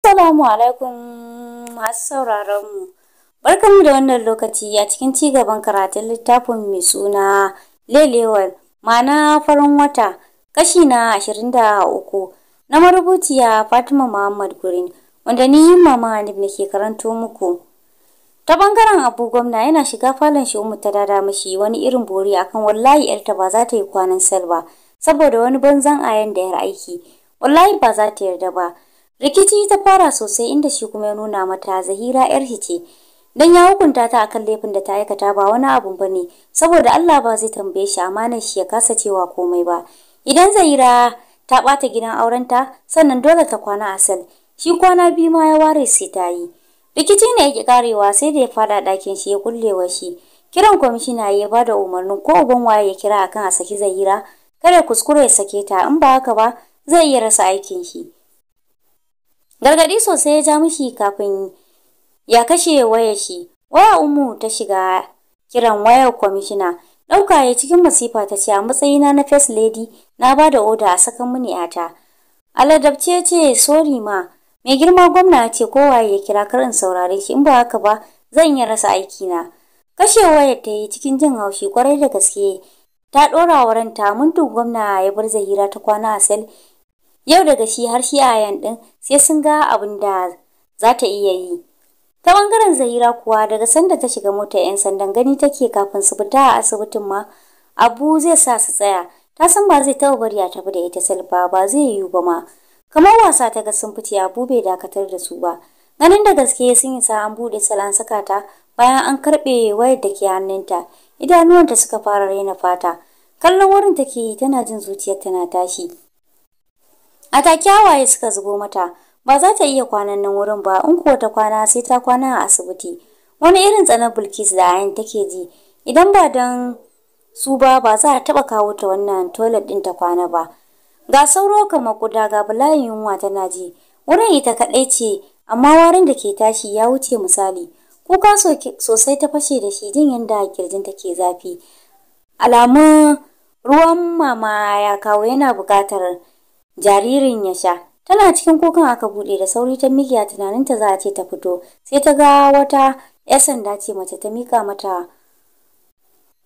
Assalamu alaikum masu sauraron mu. Barkanmu da wannan lokaci a cikin ci gaban karatun littafin mai suna Lelewar ma'ana farin wata kashi na 23 na marubuciya Fatima Muhammad Gurin wanda ni mama Hanif ke karanto muku. Ta bangaren abu gwamna yana shiga falon shi umu ta dada mashi wani irin bori akan wallahi yarta ba za ta yi kwanan salba saboda wani banzan ayan da yar aiki. Wallahi ba za ta yarda ba. rikici ta fara sosai inda shi kuma ya nuna mata zahira yar ce dan ya hukunta ta akan laifin da ta aikata ba wani abun bane saboda Allah ba zai tambaye shi amanar shi ya kasa cewa komai ba idan zahira ta bata gidan aurenta sannan dole ta kwana a sal shi kwana biyu ma ya ware sai ta yi rikici ne yake karewa sai da ya fada dakin shi ya kullewa shi kiran kwamishina ya bada umarni umarnin ko uban waye ya kira akan a saki zahira kada kuskure ya sake ta in ba haka ba zai iya rasa aikin shi gargadi sosai ya ja mishi kafin ya kashe wayar shi waya umu ta shiga kiran wayar kwamishina ɗauka ya cikin masifa ta ce a matsayina na first lady na ba da oda a sakan mini yata aladabce ce sori ma mai girma gwamna ce kowa ya kira karin saurare shi in ba haka ba zan iya rasa aikina kashe waya ta yi cikin jin haushi kwarai da gaske ta ɗora wa ranta mintin gwamna ya bar zahira ta kwana a sel Yau daga shi har shi yayan ɗin sai sun ga abin da za ta iya yi. Ta ɓangaren Zahira kuwa daga sanda ta shiga mota 'yan sandan gani take kafin su fita a asibitin ma abu zai sa su tsaya. Ta san ba zai taɓa bari a tafi da ita salfa ba zai yiwu ba ma. Kamar wasa ta ga sun fice abu bai dakatar da su ba. Ganin da gaske sun yi sa an buɗe salon saka ta bayan an karɓe wayar da ke hannunta. Idanuwanta suka fara raina fata. Kallon wurin take yi tana jin zuciyarta na tashi. A ta kyawaye suka zubo mata, ba za ta iya kwanan nan wurin ba, in kuwa ta kwana sai ta kwana a asibiti. Wani irin tsanar bulkis da ayan take ji, idan ba don su ba ba za a taɓa kawo ta wannan toilet ɗin ta kwana ba. Ga sauro ka kuda ga bulayin yunwa tana ji, wurin ita kaɗai ce, amma warin da ke tashi ya wuce misali. Kuka sosai ta fashe da shi jin yadda kirjin take zafi. Alamun ruwan mama ya kawo yana buƙatar jaririn ya sha tana cikin kukan aka bude da sauri ta tunanin tunaninta za a ce ta fito sai ta ga wata ya sanda ce mace ta mika mata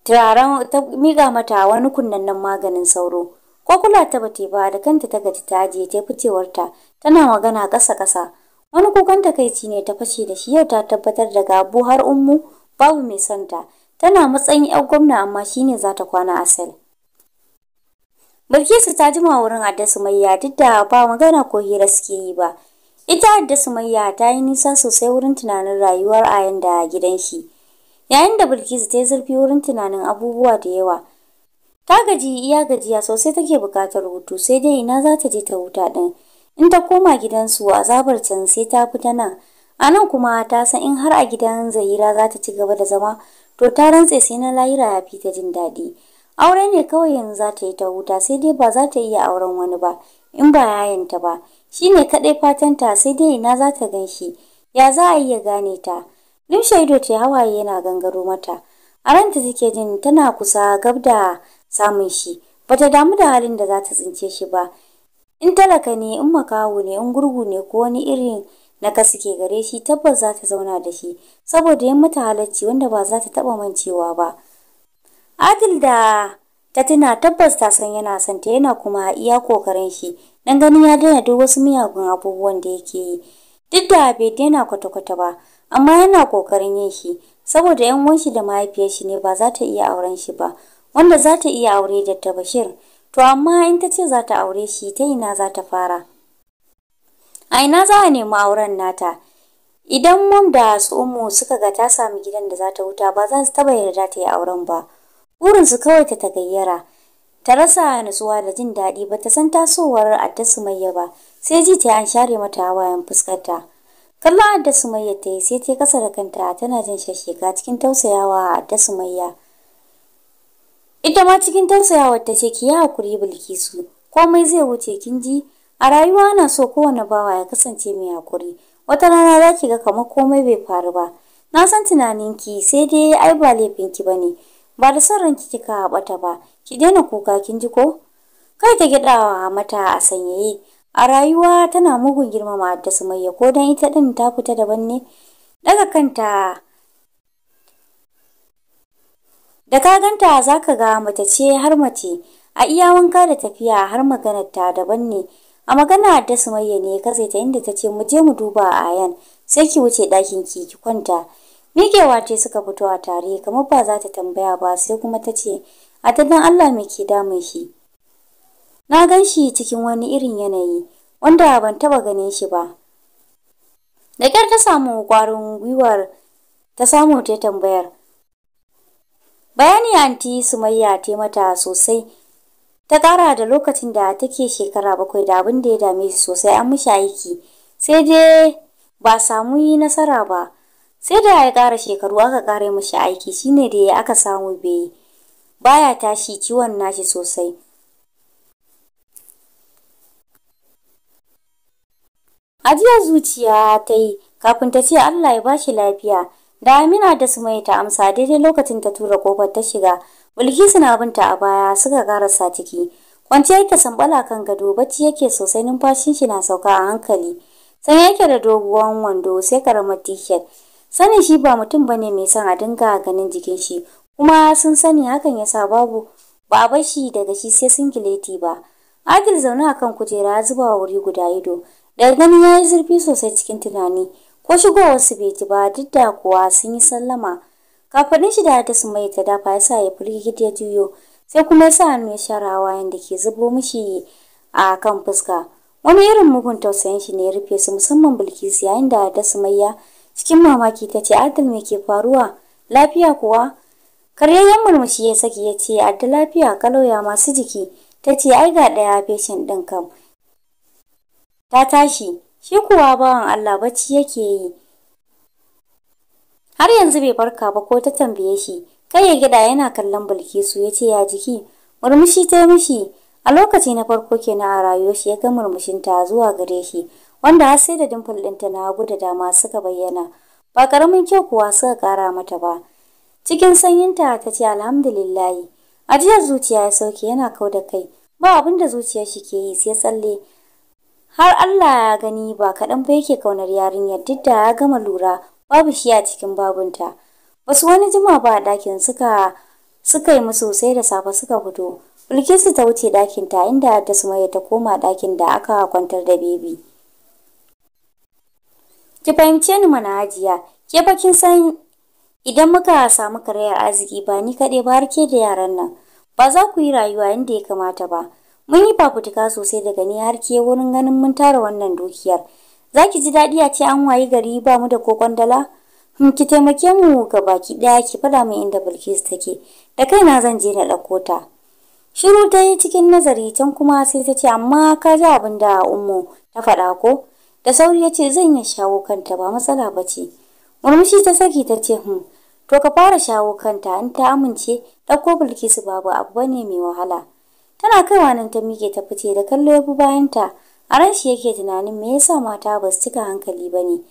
turaren ta mika mata wani kunnannen maganin sauro ko kula ta bata ba da kanta ta gaji ta ajiye ta ficewar ta tana magana ƙasa kasa wani kukan takaici ne ta fashe da shi yau ta tabbatar da gabu har ummu babu mai santa tana matsayin 'yar gwamna amma shine za ta kwana a sel Bilkisu ta jima wurin Adda Sumayya duk da ba magana ko hira suke yi ba. Ita Adda Sumayya ta yi nisa sosai wurin tunanin rayuwar ayan da gidan shi. Yayin da Bilkisu ta yi zurfi wurin tunanin abubuwa da yawa. Ta gaji iya gajiya sosai take buƙatar hutu sai dai ina za ta je ta huta ɗin. In ta koma gidansu zabar can sai ta fi ta nan. A nan kuma ta san in har a gidan Zahira za ta ci gaba da zama, to ta rantse sai na layira ya fi ta jin daɗi. aure ne kawai yanzu za ta yi ta huta sai dai ba za ta iya auren wani ba in ba yayanta ba shi ne kaɗai ta sai dai ina za ta gan shi ya za a iya gane ta limshe ido ce hawaye yana gangaro mata a ta take jin tana kusa gab da samun shi bata damu da halin da za ta tsince shi ba in talaka ne in makaho ne in gurgu ne ko wani irin na suke gare shi tabbas za ta zauna da shi saboda yin mata halacci wanda ba za ta taɓa mancewa ba Adil da ta tuna tabbas ta san yana son ta yana kuma iya kokarin shi dan ganin ya daina duk wasu miyagun abubuwan da yake yi. Duk da bai daina kwata-kwata ba, amma yana kokarin yin shi saboda yan uwan shi da mahaifiyar shi ne ba za ta iya auren shi ba, wanda za ta iya aure da ta Bashir. To amma in ta ce za ta aure shi ta ina za ta fara? A ina za a nemi auren nata? Idan mom da su umu suka ga ta samu gidan da za ta huta ba za su taba yarda ta yi auren ba. Burinsu kawai ta tagayyara. Ta rasa nutsuwa da jin daɗi ba ta san tasowar Adda Sumayya ba, sai ji ta an share mata hawayen fuskarta. Kallon Adda Sumayya ta yi sai ta kasa da kanta tana jin shashshika cikin tausayawa a Adda Sumayya. Ita ma cikin tausayawa ta ce ki yi hakuri Bilkisu, komai zai wuce kin ji a rayuwa ana so kowane bawa ya kasance mai hakuri. Wata rana za ki ga kamar komai bai faru ba. Na san tunaninki sai dai ai ba laifinki ba ne. ba da son ranki kika haɓata ba ki daina kuka kin ji ko kai ta gidawa mata a sanyaye a rayuwa tana mugun girmama da sumayya ko dan ita din ta fita daban ne daga kanta da ka ganta zaka ga mata ce har mace a iya wanka da tafiya har maganar ta daban ne a magana da sumayya ne katse ta inda ta ce mu je mu duba ayan sai ki wuce ɗakin ki ki kwanta Miƙewa ce suka fito a tare kamar ba za ta tambaya ba sai kuma ta ce, A tadan Allah mai ke damun shi. Na gan shi cikin wani irin yanayi wanda ban taɓa ganin shi ba. Da ƙyar ta samu ƙwarin gwiwar ta samu ta tambayar. Bayani anti Sumayya ta mata sosai ta ƙara da lokacin da take shekara bakwai da abin da ya dame shi sosai an mishi aiki sai dai ba samu yi nasara ba. sai da ya ƙara shekaru aka ƙare mashi aiki shine da ya aka samu bai baya tashi ciwon nashi sosai ajiya zuciya ta yi kafin ta ce Allah ya bashi lafiya da Amina da Sumai ta amsa daidai lokacin ta tura kofar ta shiga Bilkisu na binta a baya suka karasa ciki kwanciyar ta sambala kan gado bacci yake sosai numfashin shi na sauka a hankali sai yake da doguwan wando sai karamar t-shirt sanin shi ba mutum bane mai son a dinga ganin jikin shi kuma sun sani hakan yasa babu ba a bar shi daga shi sai gileti ba adil zaune akan kujera ya zuba wuri guda ido daga gani ya yi zurfi sosai cikin tunani ko su bai ci ba duk da kuwa sun yi sallama kafin shi da ta sumai ta dafa ya sa ya firgit ya juyo sai kuma ya sa hannu ya share rawa da ke zubo mishi a kan fuska wani irin mugun tausayin shi ne ya rufe su musamman bilkisu yayin da ta ya cikin mamaki ta ce Adil me ke faruwa lafiya kuwa karyayyen murmushi ya saki ya ce Adil lafiya kalauya masu jiki ta ce ai ga ɗaya feshin ɗin kam ta tashi shi kuwa bawan Allah bacci yake yi har yanzu bai farka ba ko ta tambaye shi kai ya gida yana kallon Bilkisu ya ce ya jiki murmushi ta mishi a lokaci na farko kenan a rayuwa shi ya ga murmushin ta zuwa gare shi wanda har sai da dimple ɗinta na hagu da dama suka bayyana ba ƙaramin kyau kuwa suka ƙara mata ba cikin sanyinta ta ce alhamdulillahi ajiyar zuciya ya sauke yana kau da kai ba abin da zuciyar shi ke yi sai tsalle har Allah ya gani ba kaɗan ba yake kaunar yarinyar duk da ya gama lura babu shi a cikin babunta wasu wani jima ba a ɗakin suka suka yi musu sai da safe suka fito Bilkisu ta wuce ɗakinta inda Haddasa Maya ta koma ɗakin da aka kwantar da bebi. Ki fahimce ni mana hajiya, ke fa kin san idan muka samu karayar arziki ba ni kaɗai ba har ke da yaran nan. Ba za ku yi rayuwa inda ya kamata ba. Mun yi fafutuka sosai daga ni har ke wurin ganin mun tara wannan dukiyar. Za ki ji daɗi a ce an wayi gari ba mu da ko kwandala? Hmm, ki taimake mu ga baki ɗaya ki faɗa min inda Bilkisu take. Da kaina zan je na ɗauko ta. Shiru ta yi cikin nazari can kuma sai ta ce amma ka ji abin da Ummu ta faɗa ko? da sauri ya ce zan iya shawo kanta ba matsala ba ce murmushi ta saki ta ce hun hmm, to ka fara shawo kanta in ta amince ɗauko bilkisu babu abu ne mai wahala tana kaiwa nan ta mike ta fice da kallo ya bi bayanta a ran shi yake tunanin me yasa mata ba su cika hankali ba ne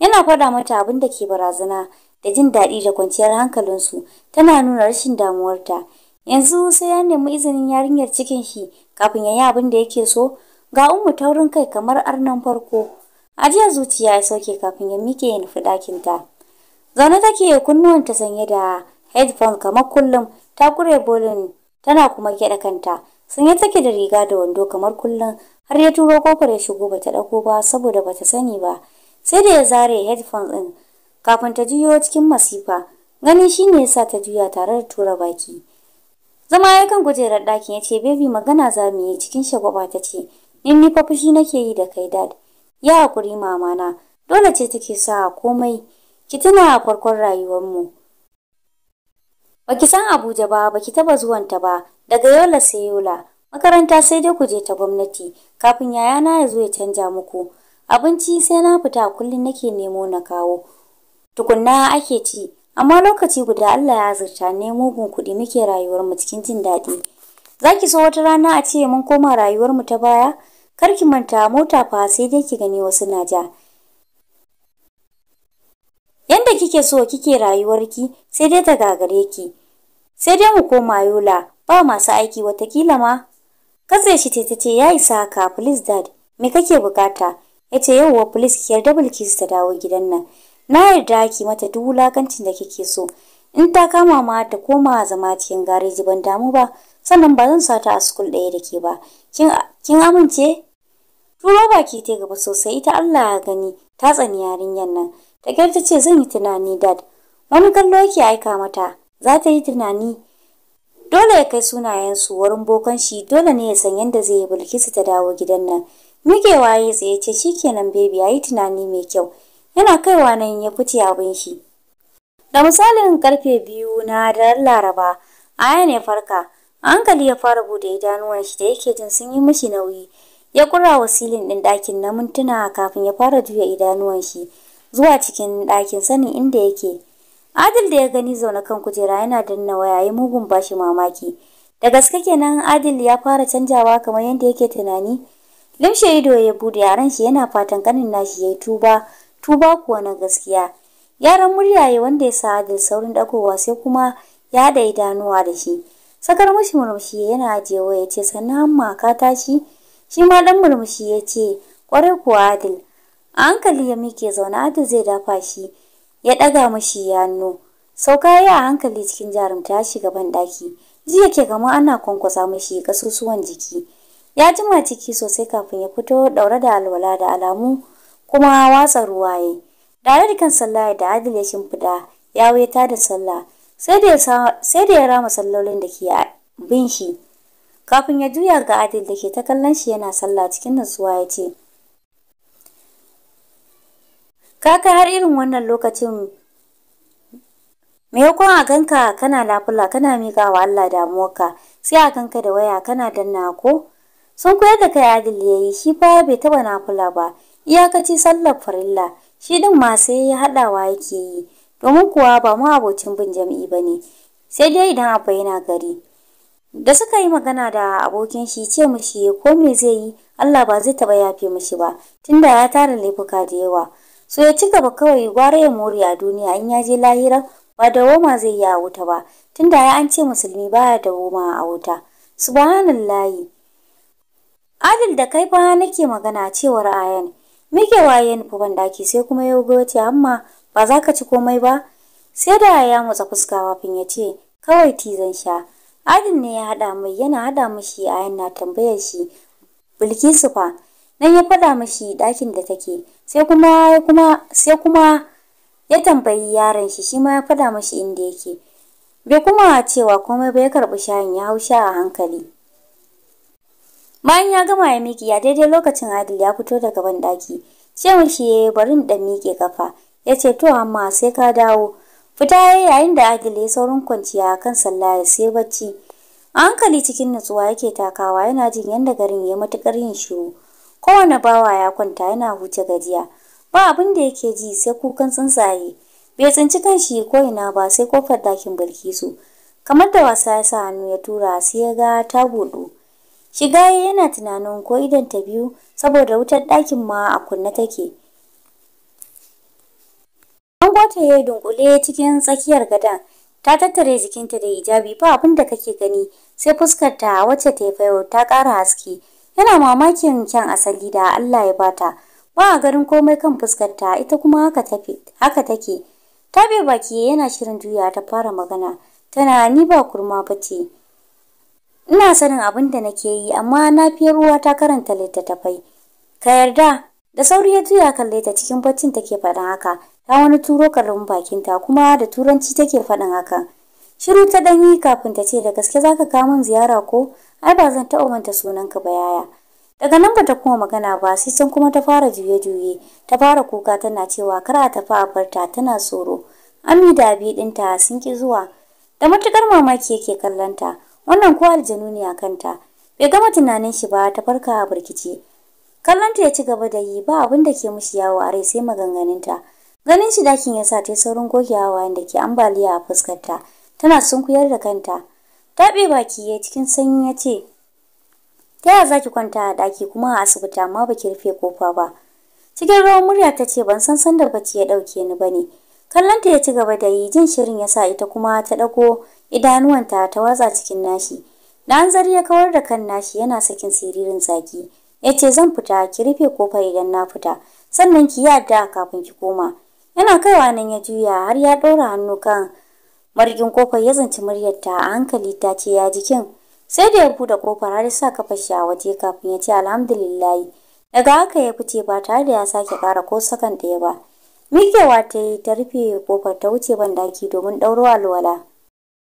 yana faɗa mata abin da ke barazana da jin daɗi da kwanciyar hankalinsu tana nuna rashin damuwarta yanzu sai ya nemi izinin yarinyar cikin shi kafin ya yi abin da yake so ga ummu taurin kai kamar arnan farko ajiya zuciya ya sauke kafin ya mike ya nufi ɗakin ta zaune take ta sanye da headphone kamar kullum ta kure bolin tana kuma gyaɗa kanta sanye take da riga da wando kamar kullum har ya turo kofar ya shigo bata ɗauko ba saboda bata sani ba sai da ya zare headphone ɗin kafin ta juyo cikin masifa gani shine yasa ta juya tare da tura baki zama yakan kan kujerar ɗakin ya ce baby magana za mu yi cikin shagwaba ta ce Nin ni fa nake yi da kai dad. Ya hakuri mama na. Dole ce take sa komai. Ki tuna farkon rayuwar mu. Baki san Abuja ba, baki taba zuwanta ba. Daga Yola sai Yola. Makaranta sai dai ku je ta gwamnati. Kafin yayana ya zo ya canja muku. Abinci sai na fita kullum nake nemo na kawo. Tukunna ake ci, amma lokaci guda Allah ya zurta ne mugun kuɗi muke rayuwarmu cikin jin daɗi. zaki so wata rana a ce mun koma rayuwar mu ta baya? kar ki manta mota fa sai dai ki gani wasu na ja yanda kike so kike ki sai dai ta gagare ki sai dai mu koma yola ba masu aiki watakila ma katse shi ce ta ce ya isa haka please dad me kake bukata yace yau yauwa please ki yarda bilkis ta dawo gidan nan na yarda ki mata duk wulakancin da kike so in ta kama ma ta koma zama cikin gareji ban damu ba sannan ba zan sa ta a school ɗaya da ke ba kin amince turo baki ta gaba sosai ita Allah ya gani ta tsani yarinyar nan ta ta ce zan yi tunani dad wani kallo yake aika mata za ta yi tunani dole ya kai sunayen su wurin bokan shi dole ne ya san yadda zai yi bilkisu ta dawo gidan nan miƙewa ya tsaye ce shikenan baby ya yi tunani mai kyau yana kaiwa nan ya fice abin shi da misalin karfe biyu na daren laraba aya ne farka A hankali ya fara bude idanuwan shi da yake jin sun yi mishi nauyi. Ya kura silin ɗin ɗakin na mintuna kafin ya fara juya idanuwan shi zuwa cikin ɗakin sanin inda yake. Adil da ya gani zaune kan kujera yana danna waya ya mugun bashi mamaki. Da gaske kenan Adil ya fara canjawa kamar yadda yake tunani. Limshe ido ya bude yaran shi yana fatan kanin nashi yayi tuba, tuba kuwa na gaskiya. Yaran muryaye wanda ya sa Adil saurin dagowa sai kuma ya da idanuwa da shi. sakar mushi murmushi yana jewa ya ce sannan maka tashi shi ma dan murmushi ya ce kwarai kuwa adil a hankali ya mike zaune adil zai dafa shi ya ɗaga mushi hannu sauka ya a hankali cikin jarumta ya shiga ban ji yake kamar ana kwankwasa mushi kasusuwan jiki ya jima ciki sosai kafin ya fito daure da alwala da alamu kuma watsa ruwaye da kan sallah da adil ya shimfida ya weta da sallah sai da ya rama sallolin da ke bin shi kafin ya juya ga adil da ke ta kallon shi yana sallah cikin nutsuwa ya ce kaka har irin wannan lokacin me yakon a ganka kana lafula kana miƙa wa Allah damuwarka sai a ganka da waya kana danna ko sun koyar da kai adil yi shi fa bai taba nafula ba iyakaci sallar farilla shi din ma sai ya hadawa yake yi domin kuwa ba mu abocin bin jam'i ba ne sai dai idan abba yana gari da suka yi magana da abokin shi ce mishi ko me zai yi Allah ba zai taba yafe mishi ba tunda ya tara laifuka da yawa su ya ci gaba kawai gwara ya more a duniya in ya je lahira ba da woma zai yi a wuta ba tunda ya an ce musulmi baya da woma a wuta subhanallahi adil da kai fa nake magana cewar ayan mike waye fa ban daki sai kuma ya goce amma ba za ka ci komai ba sai da ya motsa fuska wafin ya ce kawai tizan sha adin ne ya haɗa mai yana haɗa mashi a yana tambayar shi bilkisu fa nan ya faɗa mashi ɗakin da take sai kuma kuma sai kuma ya tambayi yaron shi shi ma ya faɗa mashi inda yake bai kuma cewa komai ba ya karɓi shayin ya hau sha a hankali bayan ya gama ya miki ya daidai lokacin adil ya fito daga ban ɗaki ce mashi ya barin da miƙe kafa ya ce to amma sai ka dawo fita ya yayin da agile ya saurin kwanciya a kan sallah ya sai bacci a hankali cikin nutsuwa yake takawa yana jin yadda garin ya matukar yin shiru kowane bawa ya kwanta yana huce gajiya ba abin da yake ji sai kukan tsuntsaye bai tsinci kanshi ko ina ba sai kofar dakin bilkisu kamar da wasa ya sa hannu ya tura sai ya ga ta buɗu shiga yana tunanin ko idan ta biyu saboda wutar ɗakin ma a kunne take ta yi dunkule cikin tsakiyar gadon ta tattare jikinta da hijabi ba abin da kake gani sai fuskarta wacce ta fayo ta ƙara haske yana mamakin kyan asali da Allah ya bata ba a garin komai kan fuskarta ita kuma haka tafi haka take ta bi baki yana shirin juya ta fara magana tana ni ba kurma bace ina sanin abin da nake yi amma na fi ruwa ta karanta littattafai ka yarda da sauri ya juya kalle ta cikin baccin take faɗin haka ta wani turo karamin bakinta kuma da turanci take faɗin haka shiru ta ɗanyi kafin ta ce da gaske zaka kawo min ziyara ko ai ba zan taɓa manta sunanka ba yaya daga nan bata kuma magana ba sai sun kuma ta fara juye-juye ta fara kuka tana cewa kar a tafi a farta tana tsoro ami da abi ɗinta sun ki zuwa da matukar mamaki yake kallonta wannan ko aljanu ne a kanta bai gama tunanin shi ba ta farka a birkice kallonta ya ci gaba da yi ba abin da ke mishi yawo a rai sai maganganunta Ganin shi dakin ya sa ta saurin gogewa wayan da ke ambaliya a fuskarta, tana sunkuyar da kanta. tabe baki ya cikin sanyi ya ce, Ta yaya za ki kwanta a ɗaki kuma a asibiti amma ba ki rufe kofa ba. Cikin rawar murya ta ce ban san sandar ba ya ɗauke ni ba ne. Kallonta ya ci gaba da yi jin shirin ya sa ita kuma ta ɗago idanuwanta ta watsa cikin nashi. Da zari ya kawar da kan nashi yana sakin siririn zaki. Ya ce zan fita ki rufe kofa idan na fita sannan ki yi addu'a kafin ki koma. yana kaiwa nan ya juya har ya ɗora hannu kan marigin kofar ya zanci muryarta a hankali ta ce ya jikin sai da ya buɗe kofar har sa kafa shi a waje kafin ya ce alhamdulillah daga haka ya fice ba tare da ya sake ƙara ko sakan ɗaya ba mikewa ta yi ta rufe kofar ta wuce ban daki domin ɗauro alwala